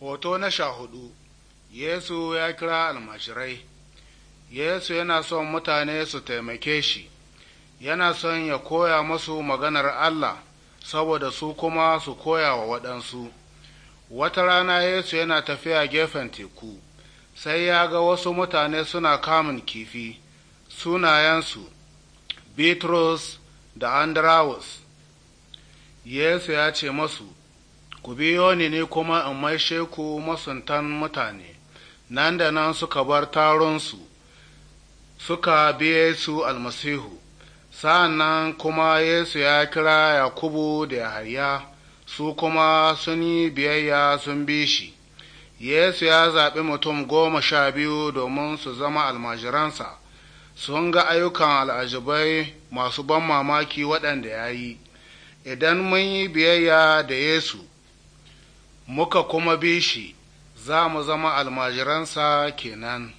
Hoto na sha hudu Yesu ya kira almashirai Yesu yana son mutane su taimake shi, yana son ya koya masu maganar Allah, saboda su kuma su koya wa waɗansu. Wata rana Yesu yana tafiya gefen teku, sai ya ga wasu mutane suna kamun kifi, sunayensu, Bitrus da Andrawus. Yesu ya ce masu, ku biyo ni ne kuma in maishe ku masuntan mutane, nan da nan suka bar taronsu, suka biye su almasihu, sa'an nan kuma Yesu ya kira Yakubu da Yahaya, su kuma sun yi biyayya sun bi shi. Yesu ya zaɓi mutum goma sha biyu domin su zama almajiransa, sun ga ayyukan al'ajibai masu ban mamaki waɗanda ya yi, idan mun yi biyayya da Yesu. muka kuma bi shi za mu zama almajiransa kenan